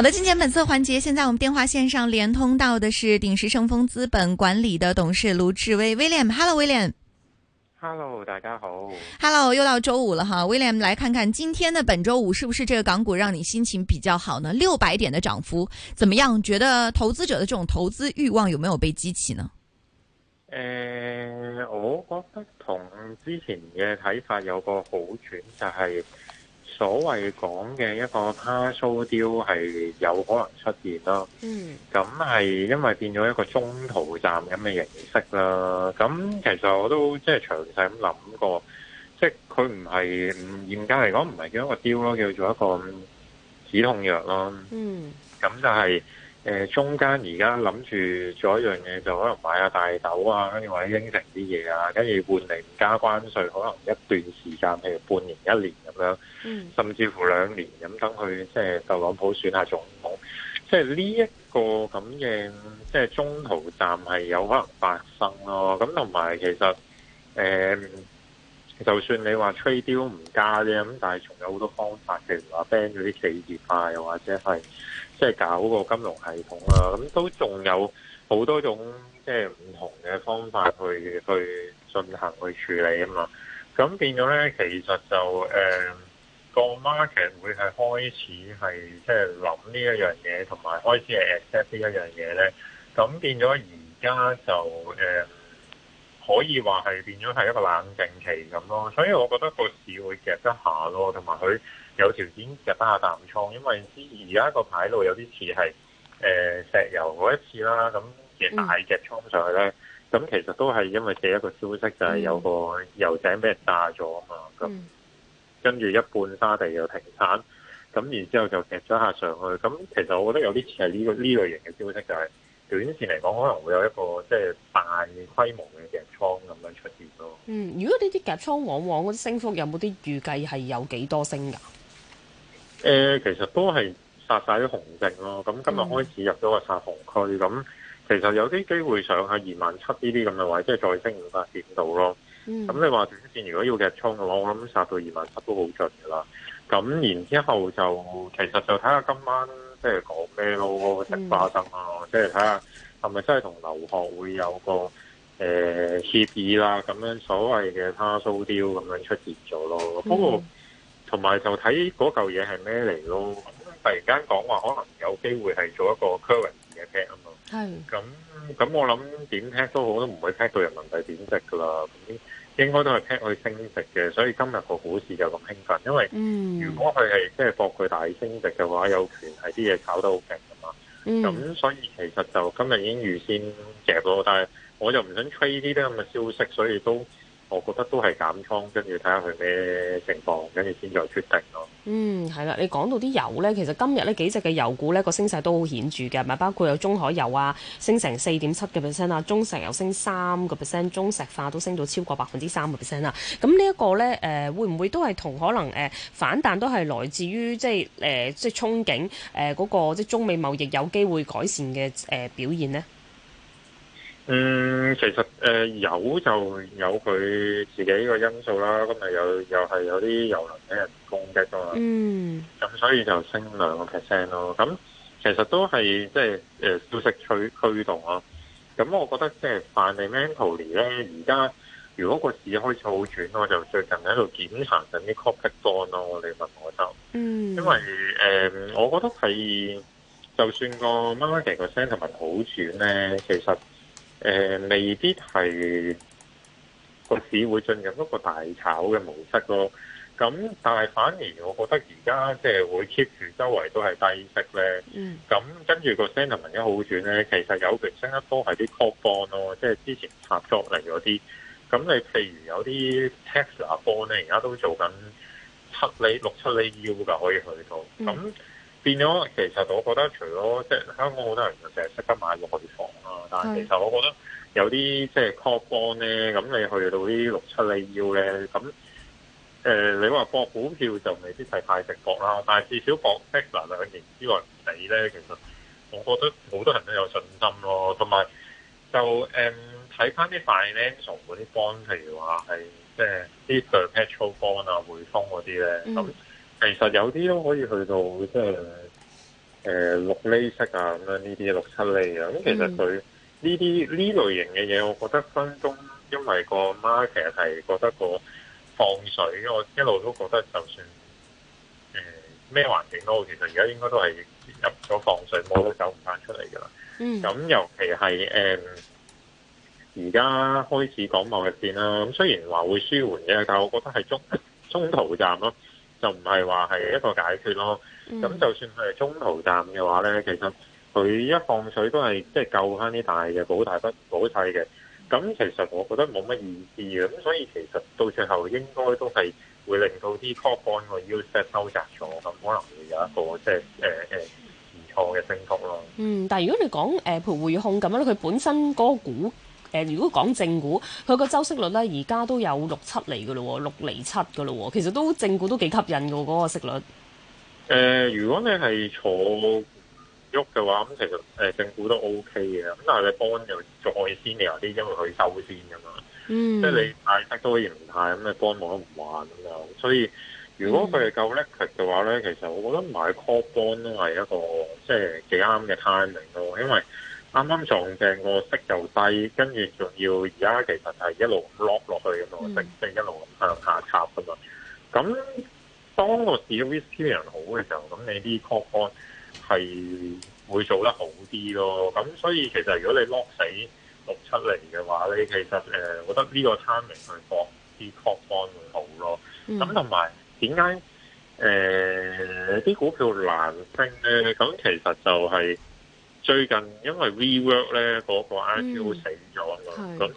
好的，今天本色環節，現在我們電話線上連通到的是鼎石盛豐資本管理的董事盧志威 （William）。Hello，William。Hello，大家好。Hello，又到周五了哈，William，來看看今天的本周五是不是這個港股讓你心情比較好呢？六百點的漲幅，怎麼樣？覺得投資者的這種投資慾望有沒有被激起呢？誒、呃，我覺得同之前嘅睇法有個好轉，就係。所謂講嘅一個 partial deal 係有可能出現啦，咁係、mm. 因為變咗一個中途站咁嘅形式啦。咁其實我都即係詳細咁諗過，即係佢唔係嚴格嚟講唔係叫一個 deal 咯，叫做一個止痛藥咯。嗯、mm. 就是，咁就係。誒中間而家諗住做一樣嘢，就可能買下大豆啊，跟住或者應承啲嘢啊，跟住換嚟唔加關稅，可能一段時間，譬如半年、一年咁樣，甚至乎兩年咁等佢，即係特朗普選下總統，即係呢一個咁嘅，即係中途站係有可能發生咯。咁同埋其實誒、嗯，就算你話吹簫唔加嘅咁，但係仲有好多方法，譬如話 ban 咗啲企業啊，又或者係。即係搞個金融系統啊，咁都仲有好多種即係唔同嘅方法去去進行去處理吖嘛。咁變咗呢，其實就誒個 market 會係開始係即係諗呢一樣嘢，同埋開始係 accept 呢一樣嘢呢。咁變咗而家就誒、呃，可以話係變咗係一個冷靜期咁咯。所以我覺得個市會夾得下咯，同埋佢。有條件夾翻下淡倉，因為之而家個牌路有啲似係誒石油嗰一次啦。咁嘅大隻倉上去咧，咁其實都係因為嘅一個消息就係有個油井俾人炸咗啊嘛。咁跟住一半沙地又停產，咁然之後就夾咗下上去。咁其實我覺得有啲似係呢個呢類型嘅消息，就係短線嚟講可能會有一個即係大規模嘅夾倉咁樣出現咯。嗯，如果呢啲夾倉往往嗰啲升幅有冇啲預計係有幾多升噶？誒，其實都係殺晒啲紅證咯，咁今日開始入咗個殺紅區，咁其實有啲機會上下二萬七呢啲咁嘅位，即係再升五百點度咯。咁你話短綫如果要嘅衝嘅話，我諗殺到二萬七都好盡噶啦。咁然之後就其實就睇下今晚，啊嗯，即係講咩咯，食花生啊，即係睇下係咪真係同劉鶴會有個誒協、呃、議啦，咁樣所謂嘅 partial deal 咁樣出現咗咯。不過，嗯。嗯同埋就睇嗰嚿嘢係咩嚟咯，突然間講話可能有機會係做一個 currency 嘅 peg 啊嘛是，咁咁我諗點 peg 都好都唔會 peg 到人民幣貶值㗎啦，應該都係 peg 去升值嘅，所以今日個股市就咁興奮，因為如果佢係、嗯、即係博佢大升值嘅話，有權係啲嘢炒得好勁㗎嘛，咁、嗯、所以其實就今日已經預先夾咯，但係我又唔想 trade 啲咁嘅消息，所以都。我覺得都係減倉，跟住睇下佢咩情況，跟住先再決定咯。嗯，係啦，你講到啲油咧，其實今日呢幾隻嘅油股咧、嗰個升勢都好顯著嘅，咪包括有中海油啊，升成四點七嘅 percent 啊；中石油升三個 percent，中石化都升到超過百分之三個 percent 啊。咁呢一個咧，誒會唔會都係同可能誒、呃、反彈都係來自於即係誒、呃、即係憧憬誒嗰、呃那個即係中美貿易有機會改善嘅誒、呃、表現咧？嗯，其實誒有就有佢自己個因素啦，咁咪有又係有啲遊輪俾人攻擊噶嘛，嗯，咁、嗯、所以就升兩個 percent 咯。咁、嗯嗯、其實都係即係誒消息驅驅動咯、啊。咁、嗯、我覺得即係 fundamental 咧，而家如果個市開始好轉，我就最近喺度檢查緊啲 corporate bond 咯。你問我就，嗯，因為誒、嗯，我覺得係就算個 market 個 sentiment 好轉咧，其實。誒、呃，未必係個市會進入一個大炒嘅模式咯。咁、啊、但係反而，我覺得而家即係會 keep 住周圍都係低息咧。咁跟住個 sentiment 一好轉咧，其實有其新加坡一波係啲 corp bond 咯、啊，即係之前發作嚟嗰啲。咁、啊、你譬如有啲 taxa bond 咧，而家都做緊七厘六七厘 U 㗎，可以去到咁。啊嗯啊變咗，其實我覺得除咗即係香港好多人就淨係識得買內房啦，但係其實我覺得有啲即係 call bond 咧，咁你去到啲六七釐要咧，咁誒、呃、你話博股票就未必係太值博啦，但係至少博息嗱兩年之外唔止咧，其實我覺得好多人都有信心咯，同埋就誒睇翻啲 financial 嗰啲 bond，譬如話係即係啲 perpetual bond 啊、嗯、bond, bond，匯豐嗰啲咧咁。其實有啲都可以去到，即係誒、呃、六厘息啊，咁樣呢啲六七厘啊。咁、嗯、其實佢呢啲呢類型嘅嘢，我覺得分中，因為個 market 其實係覺得個放水，我一路都覺得就算誒咩環境都，好，其實而家應該都係入咗放水模，都走唔翻出嚟噶啦。咁、嗯、尤其係誒而家開始講貿易戰啦，咁雖然話會舒緩嘅，但係我覺得係中 中途站咯。就唔係話係一個解決咯。咁就算佢係中途站嘅話咧，其實佢一放水都係即係救翻啲大嘅保大不保細嘅。咁其實我覺得冇乜意思嘅咁，所以其實到最後應該都係會令到啲 top on 個 use e t 收窄咗，咁可能會有一個即係誒誒唔錯嘅升幅咯。嗯，但係如果你講誒陪匯控咁樣，佢本身嗰個股。誒、呃，如果講正股，佢個周息率咧，而家都有六七厘嘅咯，六厘七嘅咯，其實都正股都幾吸引嘅嗰、那個息率。誒、呃，如果你係坐喐嘅話，咁其實誒正、呃、股都 OK 嘅。咁但係你 bond 就再 senior 啲，因為佢收先嘅嘛。嗯、即係你派息都可以唔派，咁你 bond 冇得唔還咁樣。所以如果佢係夠叻嘅話咧，嗯、其實我覺得買 call bond 都係一個即係幾啱嘅 timing 咯，因為。啱啱撞正個息又低，跟住仲要而家其實係一路落落去咁樣，升升、mm. 一路向下插噶嘛。咁當個市嘅 risk 好嘅時候，咁你啲 call on 係會做得好啲咯。咁所以其實如果你 lock 死六七 c 嚟嘅話咧，你其實誒、呃，我覺得呢個 timing 去放啲 call on 會好咯。咁同埋點解誒啲股票難升咧？咁其實就係、是。最近因為 WeWork 咧嗰、那個 IPO 死咗咁、嗯、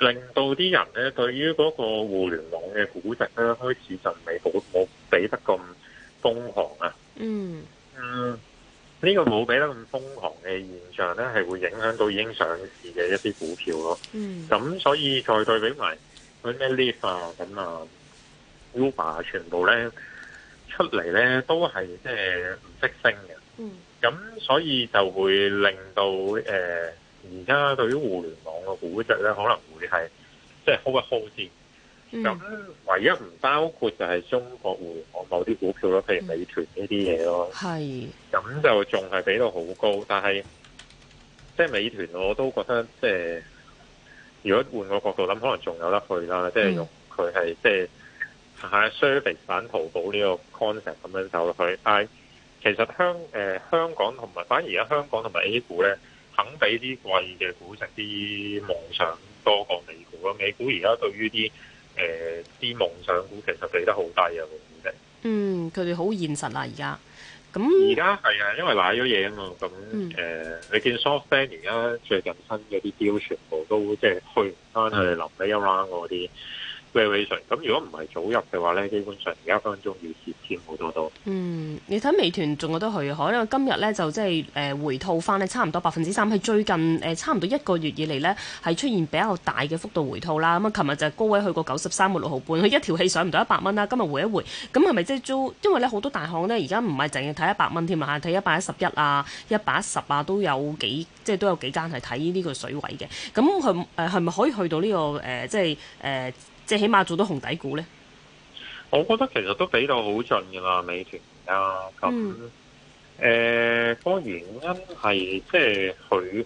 令到啲人咧對於嗰個互聯網嘅估值咧開始就未好冇俾得咁瘋狂啊。嗯嗯，呢、嗯這個冇俾得咁瘋狂嘅現象咧，係會影響到已經上市嘅一啲股票咯。嗯，咁所以再對比埋佢咩 Lyft 啊，咁啊 Uber 全部咧出嚟咧都係即係唔識升嘅。嗯。咁、嗯、所以就會令到誒，而、呃、家對於互聯網嘅估值咧，可能會係即係 hold 一 hold 啲。咁唯一唔包括就係中國互聯網某啲股票咯，譬如美團呢啲嘢咯。係、嗯。咁就仲係俾到好高，但係即係美團我都覺得即係如果換個角度諗，可能仲有得去啦。嗯、即係用佢係、嗯、即係喺 service 版淘寶呢個 concept 咁樣走去 I。其實香誒、呃、香港同埋反而而家香港同埋 A 股咧，肯俾啲貴嘅估值啲夢想多過美股咯。美股而家對於啲誒啲夢想股其實俾得好低啊，個估值、嗯啊。嗯，佢哋好現實啦，而家。咁而家係啊，因為買咗嘢啊嘛。咁、嗯、誒，你見 SoftBank 而家最近新嘅啲標全部都即係去唔翻去臨尾一 round 嗰啲。咁，如果唔係早入嘅話咧，基本上而家分鐘要蝕錢好多多。嗯，你睇美團仲有得去。可能今日咧就即係誒回吐翻咧、呃，差唔多百分之三。喺最近誒差唔多一個月以嚟咧，係出現比較大嘅幅度回吐啦。咁、嗯、啊，琴日就高位去過九十三個六毫半，佢一條氣上唔到一百蚊啦。今日回一回，咁係咪即係租？因為咧好多大行咧而家唔係淨係睇一百蚊添啊，睇一百一十一啊、一百一十啊都有幾即係都有幾間係睇呢個水位嘅。咁佢誒係咪可以去到呢、呢個誒、呃、即係誒？呃即係起碼做到紅底股咧，我覺得其實都俾到好盡噶啦，美團啊咁。誒，當然、嗯呃那個、因係即係佢，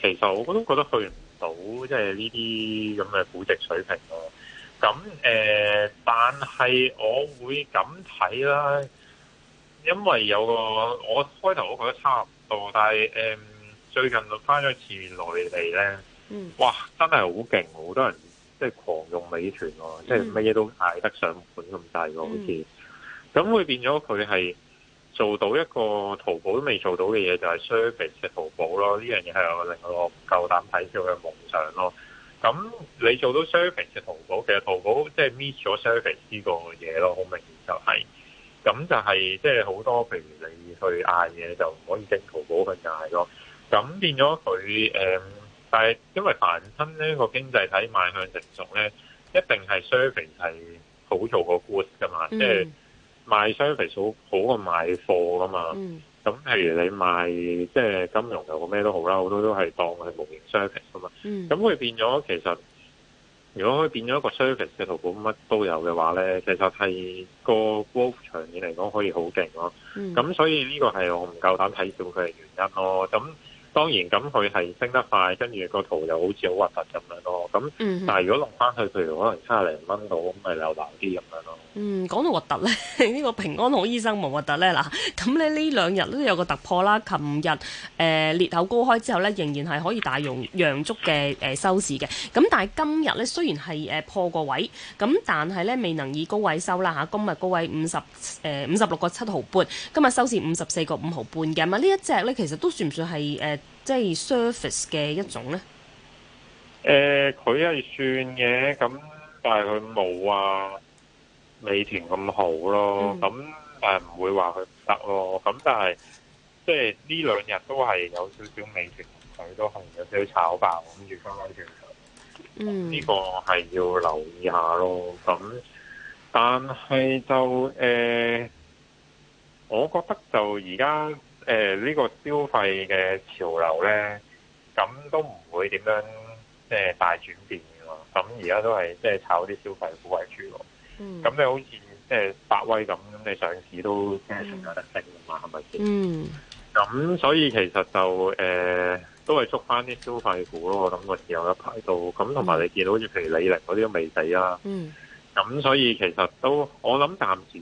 其實我都覺得去唔到即係呢啲咁嘅估值水平咯。咁誒、呃，但係我會咁睇啦，因為有個我開頭我覺得差唔多，但係誒、呃、最近就翻咗一次內地咧，嗯，哇，真係好勁，好、嗯、多人。即係狂用美團喎、啊，即係乜嘢都嗌得上門咁大喎、啊，好似咁會變咗佢係做到一個淘寶都未做到嘅嘢，就係、是、service 嘅淘寶咯。呢樣嘢係我另外我唔夠膽睇住佢嘅夢想咯。咁你做到 service 嘅淘寶，其實淘寶即係 miss 咗 service 呢個嘢咯。好明顯就係、是、咁就係即係好多譬如你去嗌嘢就唔可以整淘寶份，就係咯。咁變咗佢誒。嗯但係，因為凡親呢個經濟體邁向成熟咧，一定係 service 係好做過 good 噶嘛，嗯、即係賣 service 好好過賣貨噶嘛。咁、嗯、譬如你賣即係金融又好咩都好啦，好多都係當係無形 service 噶嘛。咁佢、嗯、變咗其實，如果佢變咗一個 service 嘅淘寶乜都有嘅話咧，其實係個 growth 長遠嚟講可以好勁咯。咁、嗯、所以呢個係我唔夠膽睇小佢嘅原因咯。咁當然咁佢係升得快，跟住個圖又好似好核突咁樣咯。咁但係如果落翻去，譬如可能七十零蚊度，咪又難啲咁樣咯。嗯，講到核突咧，呢個平安好醫生冇核突咧嗱。咁咧呢兩日都有個突破啦。琴日誒裂口高開之後咧，仍然係可以大陽燭嘅誒收市嘅。咁但係今日咧雖然係誒破個位，咁但係咧未能以高位收啦嚇。今日高位五十誒五十六個七毫半，75，今日收市五十四個五毫半嘅。咁啊呢一隻咧其實都算唔算係誒？呃即係 surface 嘅一種咧，誒、呃，佢係算嘅，咁但係佢冇啊美團咁好咯，咁誒唔會話佢唔得咯，咁但係即係呢兩日都係有少少美團佢都紅咗，佢炒爆，跟住翻翻轉頭嗯，呢、嗯、個係要留意下咯，咁但係就誒、呃，我覺得就而家。誒呢、呃這個消費嘅潮流咧，咁都唔會點樣即係、呃、大轉變㗎嘛？咁而家都係即係炒啲消費股為主咯。嗯，咁你好似即係百威咁，咁你上市都即係仲有得升㗎嘛？係咪先？嗯，咁、嗯、所以其實就誒、呃、都係捉翻啲消費股咯。我諗個時候一排到，咁同埋你見到好似譬如李寧嗰啲都未死啦。嗯，咁、嗯、所以其實都我諗暫時。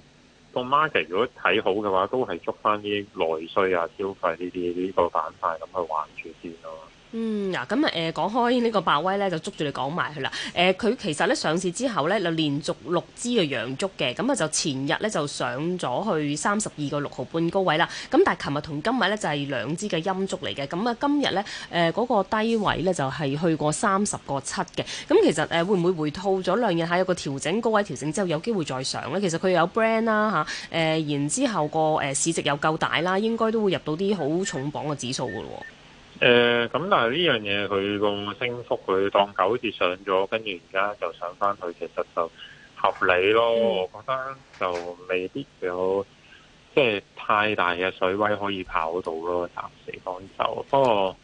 個 market 如果睇好嘅話，都係捉翻啲內需啊、消費呢啲呢個板塊咁去玩住先咯啊。嗯，嗱、嗯，咁、嗯、啊，誒講開個白呢個百威咧，就捉住你講埋佢啦。誒、嗯，佢其實咧上市之後咧就連續六支嘅陽燭嘅，咁、嗯、啊就前日咧就上咗去三十二個六毫半高位啦。咁、嗯、但係琴日同今日咧就係、是、兩支嘅陰燭嚟嘅。咁、嗯、啊今日咧誒嗰個低位咧就係、是、去過三十個七嘅。咁、嗯、其實誒、嗯、會唔會回吐咗兩日嚇有個調整高位調整之後有機會再上咧？其實佢有 brand 啦吓，誒、嗯、然之後、那個誒、呃、市值又夠大啦，應該都會入到啲好重磅嘅指數噶咯。誒，咁、呃、但係呢樣嘢，佢咁升幅佢當九字上咗，跟住而家就上返去，其實就合理咯。我覺得就未必有即係太大嘅水位可以跑到咯，暫時講就，不過。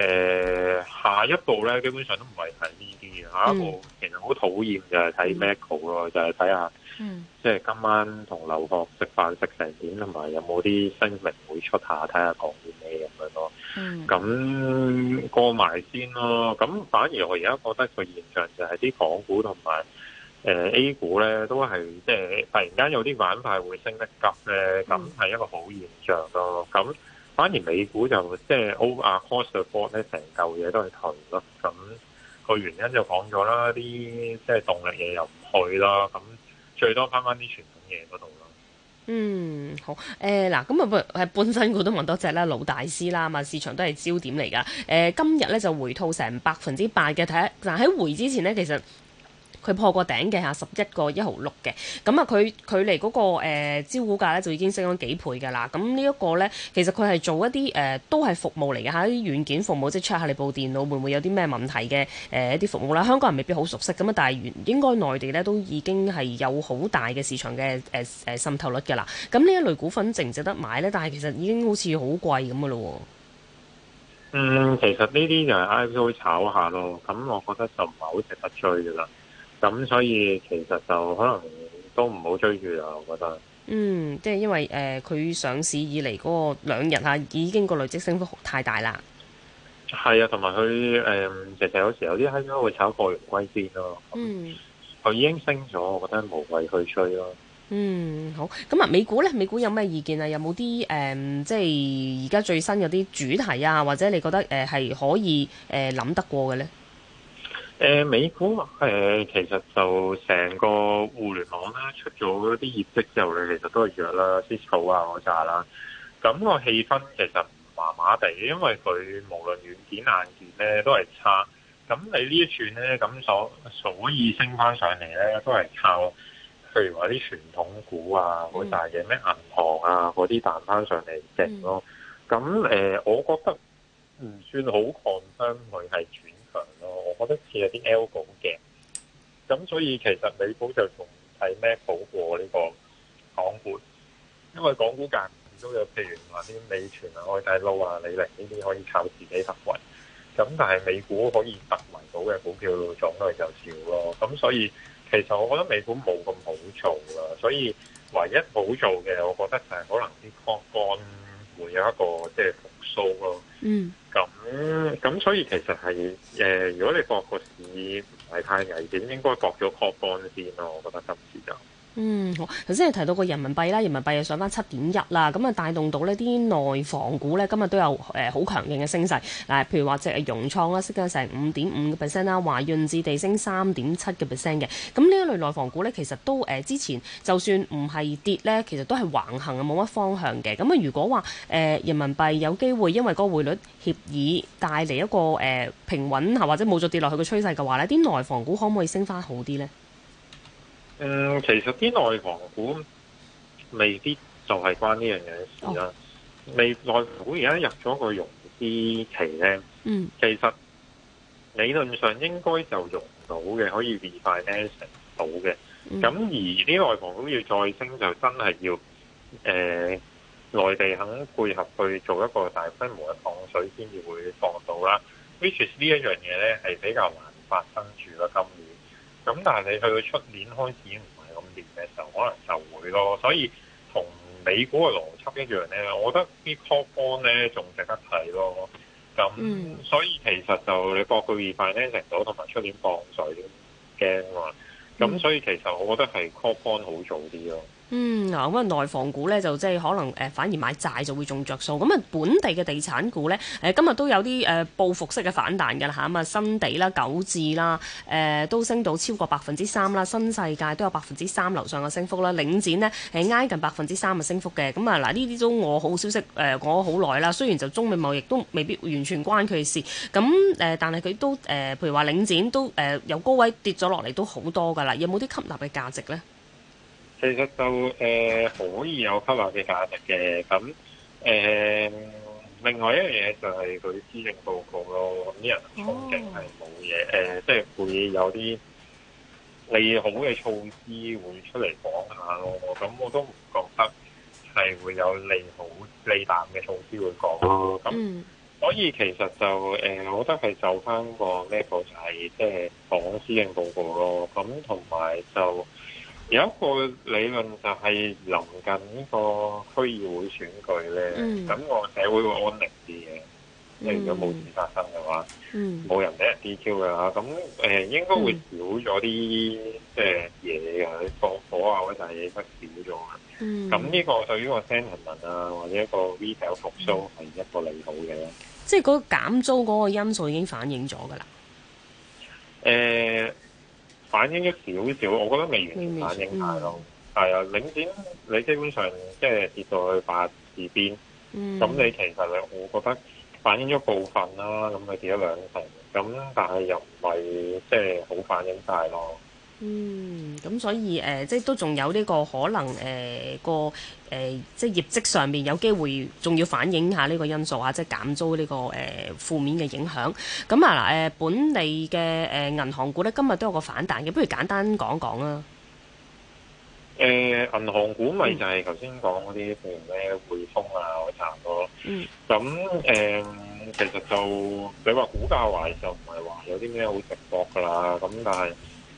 誒，下一步咧，基本上都唔係睇呢啲。下一步其實好討厭就係睇 Macro 咯，hmm. 就係睇、mm hmm. 下，即係今晚同劉鶴食飯食成點，同埋有冇啲新聞會出下，睇下講啲咩咁樣咯。咁、hmm. 過埋先咯。咁反而我而家覺得個現象就係啲港股同埋誒 A 股咧，都係即係突然間有啲板塊會升得急，誒咁係一個好現象咯。咁反而美股就即係 all across the board 咧成嚿嘢都係退咯。咁、嗰個原因就講咗啦，啲即係動力嘢又唔去啦。咁最多翻翻啲傳統嘢嗰度咯。嗯，好。誒、呃，嗱，咁啊，唔係本身我都問多隻啦，老大師啦，啊，市場都係焦點嚟噶。誒、呃，今日咧就回吐成百分之八嘅睇。嗱，喺回之前咧，其實。佢破過頂嘅嚇，十一個一毫六嘅，咁啊，佢距離嗰個、呃、招股價咧就已經升咗幾倍㗎啦。咁、啊這個、呢一個咧，其實佢係做一啲誒、呃、都係服務嚟嘅嚇，啲、啊、軟件服務即係 check 下你部電腦會唔會有啲咩問題嘅誒一啲服務啦。香港人未必好熟悉咁啊，但係原應該內地咧都已經係有好大嘅市場嘅誒誒滲透率㗎啦。咁、啊、呢一類股份值唔值得買咧？但係其實已經好似好貴咁㗎咯喎。嗯，其實呢啲就係 IPO 炒下咯，咁我覺得就唔係好值得追㗎啦。咁所以其實就可能都唔好追住啦，我覺得。嗯，即係因為誒，佢、呃、上市以嚟嗰個兩日吓，已經個累積升幅太大啦。係啊，同埋佢誒，其實有時有啲閪哥會炒過龍歸先咯。嗯。佢已經升咗，我覺得無謂去追咯。嗯，好。咁啊，美股咧，美股有咩意見啊？有冇啲誒，即係而家最新有啲主題啊？或者你覺得誒係、呃、可以誒諗、呃、得過嘅咧？誒、呃、美股誒、呃、其實就成個互聯網咧出咗啲業績之後咧，你其實都係弱啦，Cisco 啊嗰扎啦。咁、那個氣氛其實麻麻地，因為佢無論軟件硬件咧都係差。咁你呢一串咧咁所所以升翻上嚟咧，都係靠譬如話啲傳統股啊好大型嘅，咩銀、嗯、行啊嗰啲彈翻上嚟值咯。咁誒、嗯嗯呃，我覺得唔算好抗張，佢係。我覺得似有啲 l b 嘅，咁所以其實美股就仲係咩好過呢個港股，因為港股隔夜都有譬如話啲美團啊、海底撈啊、李寧呢啲可以靠自己發圍，咁但係美股可以發圍到嘅股票種類就少咯，咁所以其實我覺得美股冇咁好做啦，所以唯一好做嘅，我覺得就係可能啲槓桿會有一個即係。數咯，嗯，咁咁所以其實係誒、呃，如果你搏個市唔係太危險，應該搏咗 call 輪先咯，我覺得今次就。嗯，好。頭先係提到個人民幣啦，人民幣又上翻七點一啦，咁啊帶動到呢啲內房股咧，今日都有誒好強勁嘅升勢。嗱，譬如話即係融創啊，升咗成五點五個 percent 啦，華潤置地升三點七個 percent 嘅。咁呢一類內房股咧，其實都誒之前就算唔係跌咧，其實都係橫行啊，冇乜方向嘅。咁啊，如果話誒、呃、人民幣有機會因為個匯率協議帶嚟一個誒、呃、平穩或者冇咗跌落去嘅趨勢嘅話咧，啲內房股可唔可以升翻好啲咧？嗯，其實啲內房股未必就係關呢樣嘢事啦。未、哦、內房股而家入咗個融資期咧，嗯、其實理論上應該就融唔到嘅，可以 refinance 到嘅。咁、嗯、而啲內房股要再升，就真係要誒、呃、內地肯配合去做一個大規模嘅放水先至會放到啦。Which is 呢一樣嘢咧係比較難發生住嘅今年。咁但係你去到出年開始唔係咁亂嘅時候，可能就會咯。所以同美股嘅邏輯一樣咧，我覺得啲 coupon 咧仲值得睇咯。咁、嗯嗯、所以其實就你博個二塊成到同埋出年磅水驚啊！咁、嗯嗯、所以其實我覺得係 coupon 好做啲咯。嗯，嗱、嗯，咁、嗯、啊，內房股咧就即係可能誒、呃，反而買債就會中着數。咁、嗯、啊，本地嘅地產股咧，誒、呃、今日都有啲誒、呃、報復式嘅反彈㗎嚇，咁、嗯、啊，新地啦、九置啦，誒都升到超過百分之三啦，新世界都有百分之三樓上嘅升幅啦，領展呢，係、呃、挨近百分之三嘅升幅嘅。咁、嗯、啊，嗱、呃，呢啲都我好消息誒，講咗好耐啦，雖然就中美貿易都未必完全關佢事，咁、嗯、誒、呃，但係佢都誒、呃，譬如話領展都誒、呃、由高位跌咗落嚟都好多㗎啦，有冇啲吸納嘅價值咧？其實就誒、呃、可以有吸引嘅價值嘅，咁誒、呃、另外一樣嘢就係佢施政報告咯，啲人憧憬係冇嘢，誒、oh. 呃、即係會有啲利好嘅措施會出嚟講下咯，咁我都唔覺得係會有利好利淡嘅措施會講咯，咁所以其實就誒、呃，我覺得係就翻個 level 就係、是、即係講施政報告咯，咁同埋就。有一個理論就係臨近呢個區議會選舉咧，咁、嗯、個社會會安寧啲嘅，如果冇事發生嘅話，冇、嗯、人俾 DQ 嘅話。咁誒、呃、應該會少咗啲即係嘢嘅，放、嗯啊、火，火啊或者係不少咗嘅。咁呢、嗯、個對於個 sentiment 啊或者一個 retail 復甦係一個利好嘅。即係嗰減租嗰個因素已經反映咗㗎啦。誒、呃。反映咗少少，我覺得未完全反映曬咯。係、嗯、啊，領展你基本上即係跌到去八字邊，咁、嗯、你其實我覺得反映咗部分啦，咁佢跌咗兩成，咁但係又唔係即係好反映晒咯。嗯，咁所以誒、呃，即係都仲有呢個可能誒，個、呃、誒、呃、即係業績上面有機會，仲要反映下呢個因素啊，即係減租呢、這個誒、呃、負面嘅影響。咁啊嗱誒，本地嘅誒銀行股咧，今日都有個反彈嘅，不如簡單講講啊。誒、呃，銀行股咪就係頭先講嗰啲，譬如咩匯豐啊，嗰啲咁咯。咁誒、嗯呃，其實就你話股價壞就唔係話有啲咩好直覺噶啦，咁但係。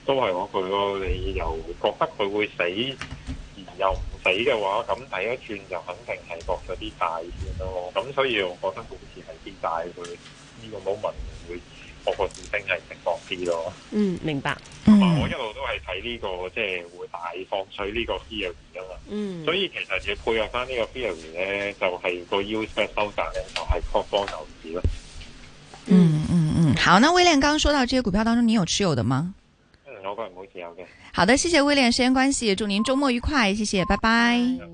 都係我佢咯，你又覺得佢會死，而又唔死嘅話，咁睇一轉就肯定係博咗啲大先咯。咁所以我覺得股市係啲大，會呢個 moment 會個個市升係正確啲咯。嗯，明白。我一路都係睇呢個即係會大放水呢個 theory 㗎嘛。嗯。所以其實要配合翻呢個 theory 咧，就係個 U 盤收窄咧就係擴張牛市咯。嗯嗯嗯，好。那威廉剛剛說到這些股票當中，你有持有的嗎？我個好的，謝謝威廉，時間關係，祝您周末愉快，謝謝，拜拜。拜拜。